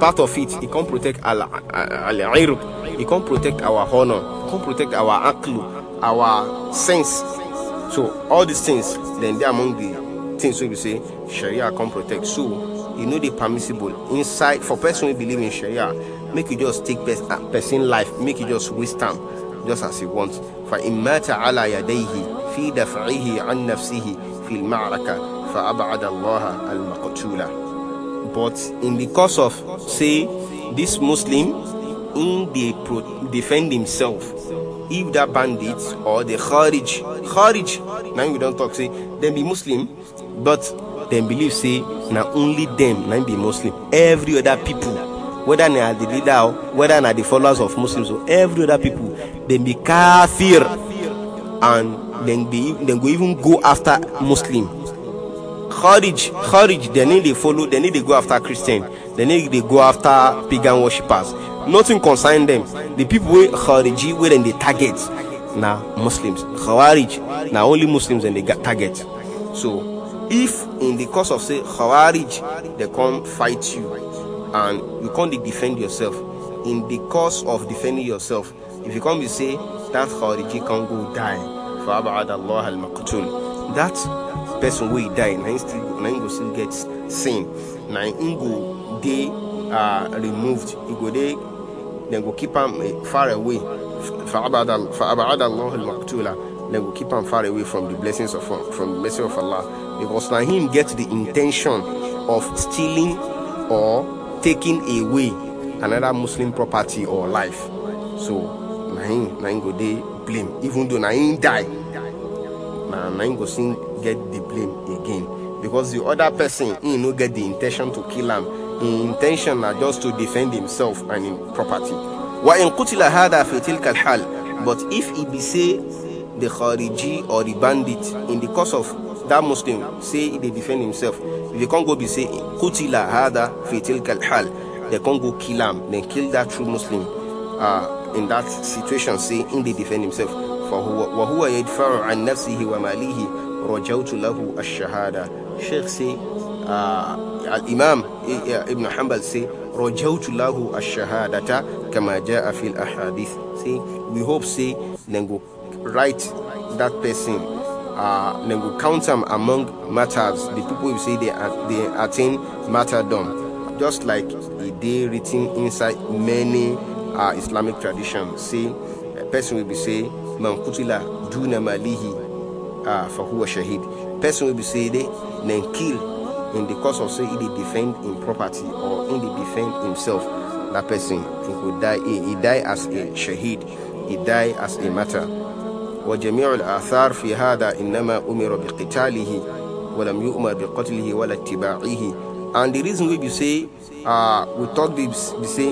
part of it. It can protect al irb. It can protect our honor. It can protect our aklu, our sense. So all these things, then they are among the things we will say Sharia can protect. So you know they permissible inside for person who believe in Sharia. Make you just take ah, person life. Make you just waste time, just as you want. فإن مات على يديه في دفعه عن نفسه في المعركة allah al المقتول but in the course of, say, this Muslim in the pro- defend himself, if that bandit or the Kharij, Kharij, now we don't talk, say, then be Muslim, but then believe, say, now only them, now be Muslim. Every other people, whether they are the leader or whether they are the followers of Muslims or every other people, then be Kafir and then, be, then go even go after Muslim. Kharij, Kharij, they need to follow, they need to go after Christian, they need to go after pagan worshippers. Nothing concern them. The people with Khariji were then they target now Muslims. Khawarij now only Muslims and they target. So if in the course of say Khawarij they come fight you and you can't defend yourself, in the course of defending yourself, if you come you say that Khariji can go die. that person wey die na him still na go still get sin na him go dey uh, removed e go dey dem go keep am eh, far away fa'abada allah al-maqtula dem go keep am far away from the blessings of from the mercy of allah because na him get the intention of stealing or taking away another muslim property or life so na him na him go dey blame even though na him die na na him go sing get the blame again because the other person he no get the intention to kill him The intention are just to defend himself and his property Why in Kutila hada تلك kalhal? but if he be say the khariji or the bandit in the course of that muslim say he defend himself if can't go be say kutila hada fi kalhal, they they not go kill him. then kill that true muslim uh, in that situation say in the defend himself for an يدفع wa malihi, وماله رجوت له الشهادة شيخ سي uh, Imam eh, eh, Ibn حنبل say ash-shahadata, kama jaa fi al-ahadith. say we hope say nengo, right that person uh, ننجو count them among matters the people who say they, are, they attain martyrdom just like it did written inside many our Islamic tradition say, a person will be say, Man kutila duna malihi uh, ah, fahuwa shahid. Person will be say, they then kill in the cause of say, he defend in property or in the defend himself. That person, he could die, he, he die as a shahid, he die as a martyr. وجميع الآثار في هذا إنما أمر بقتاله ولم يؤمر بقتله ولا اتباعه and the reason we be say uh, we talk we be say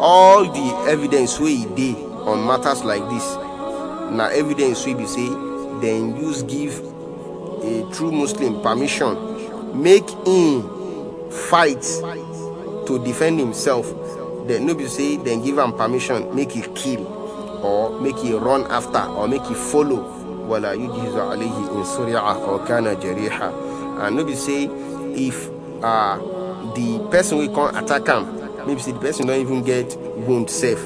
all the evidence we did on matters like this. Now, evidence we be say then use give a true muslim permission make him fight to defend himself Then nobody say then give him permission make him kill or make him run after or make him follow wala yujizu alayhi in suri'a or kana jariha and nobody say if uh, the person we come attack him maybe the person don't even get wound safe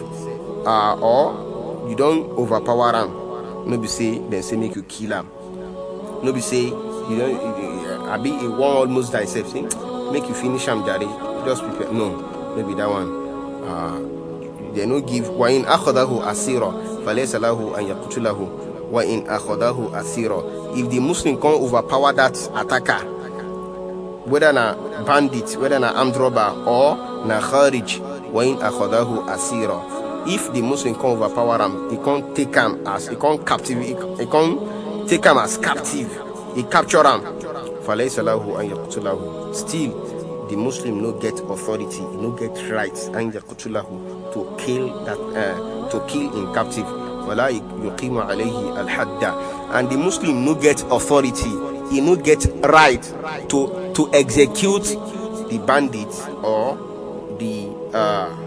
uh, or you don't overpower them. no be say say make you kill them. no be say you I be a one almost die safe thing. make you finish am jare just prepare no maybe that one uh, no give wa in akhadahu asira falaysa lahu an yaqtulahu wa in akhadahu asira if the muslim come overpower that attacker whether na bandit whether na armed robber or na Kharij when Akhadahu Asira. If the Muslim can overpower him, he can't take him as he can't captive, he, can't take him as captive, he capture him. فَلَيْسَ لَهُ أَنْ يَقْتُلَهُ Still, the Muslim no get authority, he no get rights, أَنْ يَقْتُلَهُ to kill that, uh, to kill in captive. وَلَا يُقِيمَ al-hadda. And the Muslim no get authority, he no get right to, to execute the bandits or the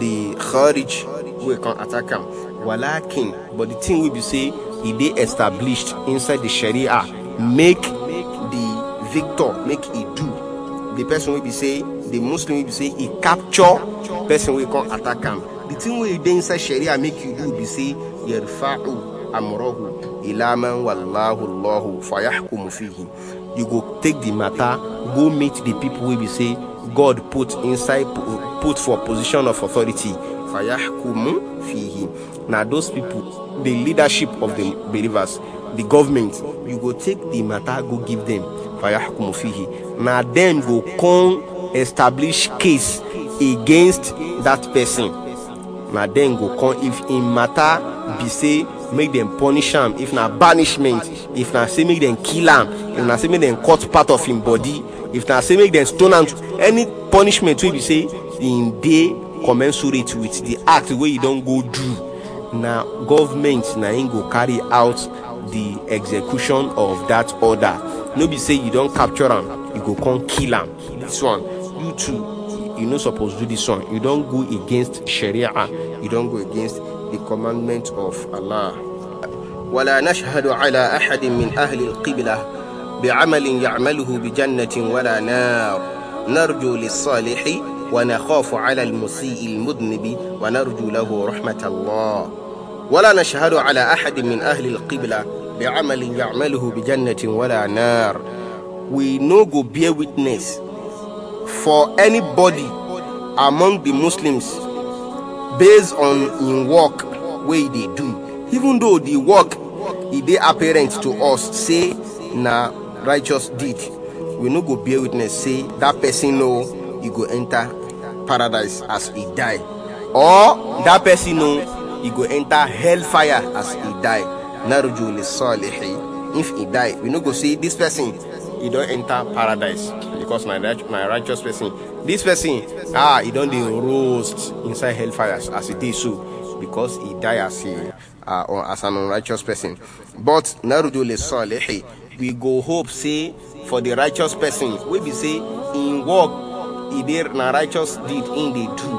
the courage will can attack him. Walakin, but the thing will be say he they established inside the Sharia make the victor make it do. The person will be say the Muslim will be say he capture person will can attack him. The thing we be inside Sharia make you do be say yerfa'u amrohu ilaman wallahu allahu fayahkumu fihi. You go take the matter, go meet the people we be say God put inside put for position of authority. Fayahkumu fihi. Now those people, the leadership of the believers, the government, you go take the matter, go give them. Fayahkumu fihi. Now them go come establish case against that person. Now then go come if in matter be say make them punish him, if na banishment if na say make them kill him, if na say make them cut part of im body if na say make dem stone am any punishment wey be say im dey commensurate with the act wey you e don go do na government na im go carry out the execution of that order no be say you don capture am you go come kill am this one you too you no suppose do this one you don go against sharia you don go against the commandment of allah. ولا نشهد على أحد من أهل القبلة بعمل يعمله بجنة ولا نار نرجو للصالح ونخاف على المسيء المذنب ونرجو له رحمة الله ولا نشهد على أحد من أهل القبلة بعمل يعمله بجنة ولا نار We no go bear witness for anybody among the Muslims based on in work way they do even though the work e apparent to us say na righteous deed we no go bear witness say that person know he go enter paradise as he die or that person know he go enter hell fire as he die naruju solihi. if he die we no go say this person he don enter paradise because my my righteous person this person ah he don dey roast inside hell as, as he dey so because he die as a uh, as an unrighteous person but naruju solihi we go hope say for the righteous person wey be say im work e dey na righteous deed im dey do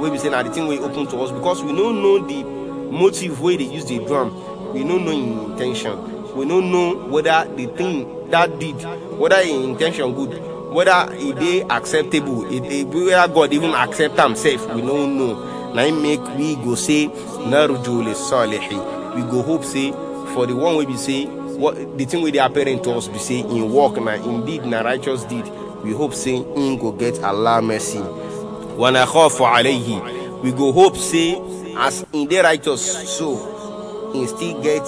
wey be say na the thing wey open to us because we no know the motive wey dey use the drum. we no know im in ten tion we no know whether the thing that deed whether im e in ten tion good whether e dey acceptable e dey whether god even accept am sef we no know na im make we go say narujo le salihi we go hope say for the one wey be say what the thing with dey apparent to us be say in work na indeed na righteous deed we hope say in go get allah mercy wana for alayhi we go hope say as in dey righteous so him still get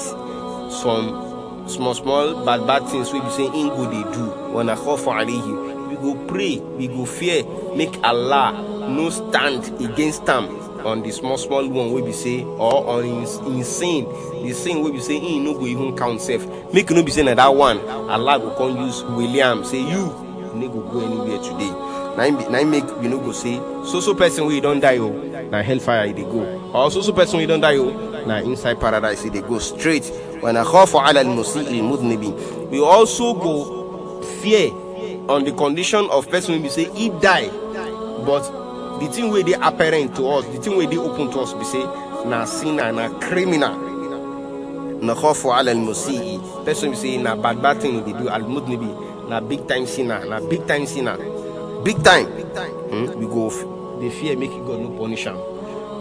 some small small bad bad things wey be say in go dey do wana for alayhi we go pray we go fear make allah no stand against am on the small small one wey be say or on im sin the sin wey be say im no go even count sef make e no be say na that one allah go come use william say you no go go anywhere today na im na im make you no go say so so person wey e don die o na hellfire e dey go or so so person wey e don die o na inside paradise e dey go straight when akhafu ala al-musii mudnibi we also go fear on the condition of person wey be say he die but the thing where they apparent to us the thing where they open to us we say na sinner na criminal na khafu ala al-musii person we say na bad bad thing dey do al-mudnibi na big time sinner na big time sinner big time hmm? we go dey fear make god no punish am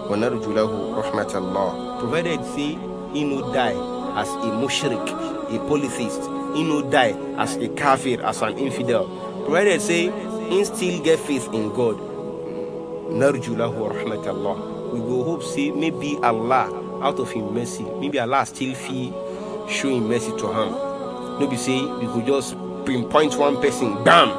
wa narjulahu rahmatallah provided say he no die as a mushrik a polytheist he no die as a kafir as an infidel provided say he still get faith in god narju lahu rahmatallah. We will hope say maybe Allah out of His mercy, maybe Allah still fi showing mercy to him. No be say we could just pinpoint one person, bam,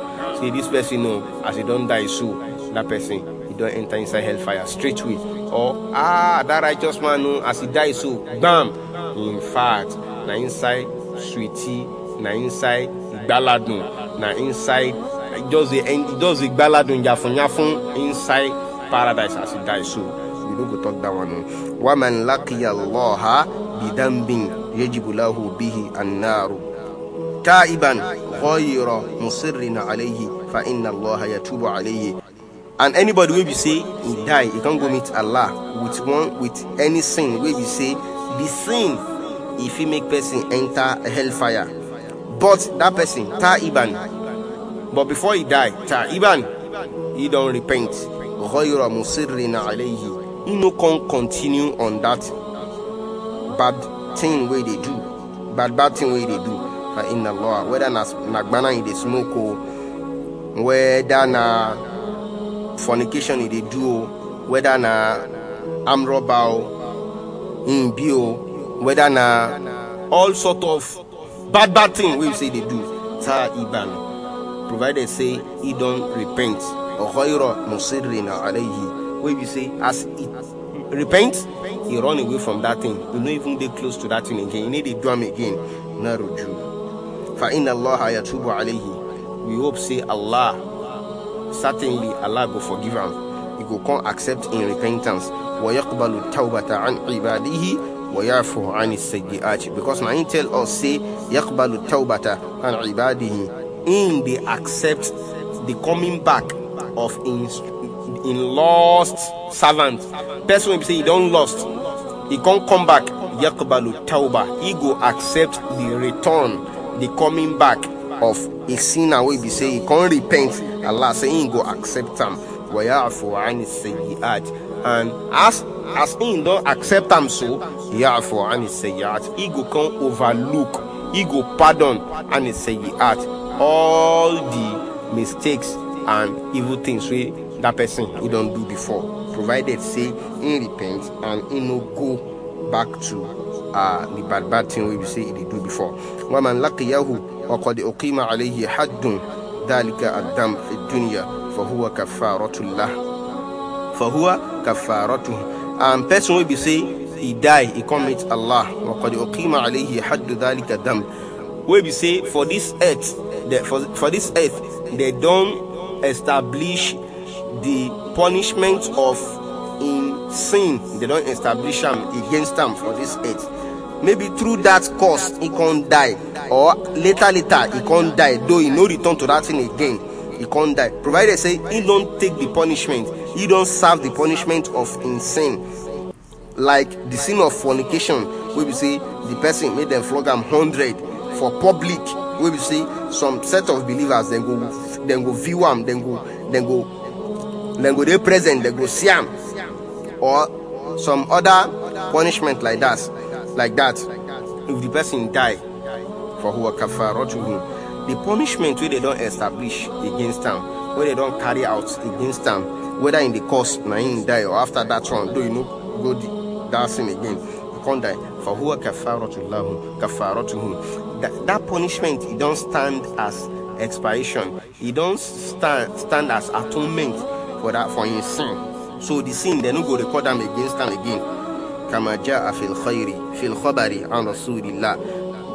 say this person no, as he don die so that person he don't enter inside hellfire straight away. Or ah that righteous man no, as he die so bam. In fact, na inside sweetie, na inside igbaladun, na inside just dey just dey gbaladun yafunyafun inside paradise as e die so we no go talk that one o waman laqiya allaha bidambin yajibu lahu bihi annaaru taiban ghayra musirrin alayhi fa inna allaha yatubu alayhi and anybody wey be say he die he come go meet allah with one with any sin wey be say the sin e fit make person enter hellfire but that person taiban But before he died, Iban, he don't repent. غَيْرَ مُصِرِّنَ عَلَيْهِ He no can continue on that bad thing way they do. Bad bad thing way they do. فَإِنَّ اللَّهَ Whether na nagbana in the smoke or whether na fornication in the do whether na arm robber o, in bio, whether na all sort of bad bad thing you say they do. Iban provided say he don't repent or khayra musirrina alayhi where we say as he repent he run away from that thing you no even dey close to that thing again He need to do am again na ruju fa inna allaha yatubu alayhi we hope say allah certainly allah go forgive am he go come accept in repentance wa yaqbalu tawbata an ibadihi ويعفو عن السيئات because na him tell us say يقبل التوبة عن عباده in they accept the coming back of in, in lost servant. Person will say he don't lost, he can't come back. Yakubalu Tauba, he go accept the return, the coming back of a sinner will be say he can't repent. Allah say he go accept him. And as as he don't accept him so, Yafu and he say he go can overlook, he go pardon and he say he all the mistakes and evil things wey that person wey don do before provided say he repent and he no go back to uh, the bad bad thing wey be say he dey do before waman laqiyahu waqad uqima alayhi haddun dhalika addam fi dunya fahuwa kafaratullah fahuwa kafaratuhu and person wey be say he die he commit allah waqad uqima alayhi haddu dalika dam wey be say for this earth the, for, for this earth, they don't establish the punishment of in sin. They don't establish them against them for this earth. Maybe through that cause he can't die, or later later he can't die. Though he no return to that thing again, he can't die. Provided say he don't take the punishment, he don't serve the punishment of in sin, like the sin of fornication. We will say the person made them flog him hundred for public We see some set of believers then go then go view them, then go then go then go they present dem go see am or some other punishment like that like that if the person die for who kafarotuhu the punishment wey they don't establish against them, where they don't carry out against them, whether in the course na him die or after that one do you know, go that sin again love fahuwa kafaratullahu kafaratuhum that, that punishment it don't stand as expiation it don't stand stand as atonement for that for his sin so the sin they no go record them against them again kama jaa khairi fil khabari an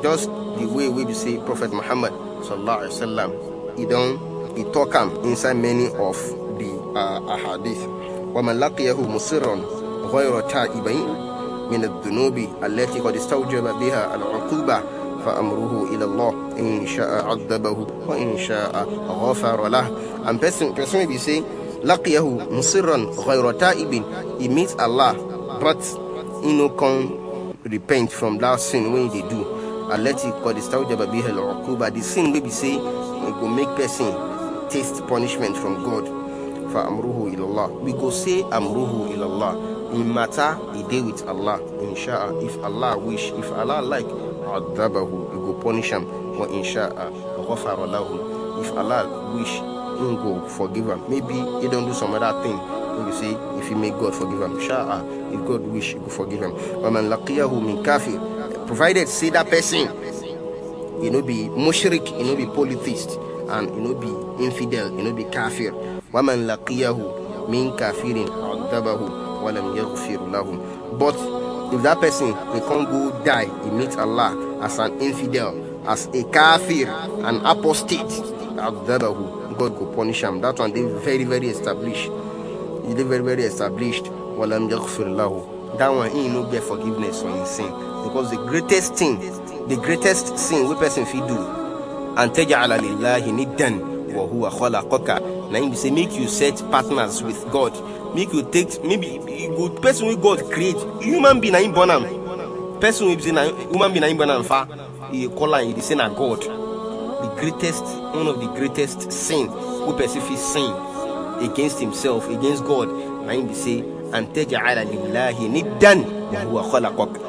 just the way we say prophet muhammad sallallahu alaihi wasallam he don't he talk him inside many of the uh, ahadith من الذنوب التي قد استوجب بها العقوبة فأمره إلى الله إن شاء عذبه وإن شاء غفر له and person person may be saying لقيه مصرا غير تائب he meets Allah but he no can repent from that sin when they do التي قد استوجب بها العقوبة the sin may be saying it will make person taste punishment from God فأمره إلى الله we go say أمره إلى الله in matter a day with Allah inshallah if Allah wish if Allah like adabahu he go punish him but inshallah ghafara lahu if Allah wish he go forgive him maybe he don't do some other thing you see if he make God forgive him inshallah if God wish he go forgive him wa man laqiyahu min kafir provided see that person you know be mushrik you know be polytheist and you know be infidel you know be kafir wa man laqiyahu min kafirin adabahu walam yaghfir lahum. But if that person he can't go die, he meets Allah as an infidel, as a kafir, an apostate, adhabahu. God could punish him. That one they very very established. They very very established. Walam yaghfir lahu. That one he no get forgiveness for his sin because the greatest thing, the greatest sin we person fit do, and taj'ala lillahi niddan wa huwa khalaqaka Now you say make you set partners with God. Make you take maybe good person with God create human being na him born Person with na human being na him born am He call and he say God. The greatest one of the greatest sin who person fit sin against himself against God na him be say an ala lillahi niddan wa huwa khalaqak.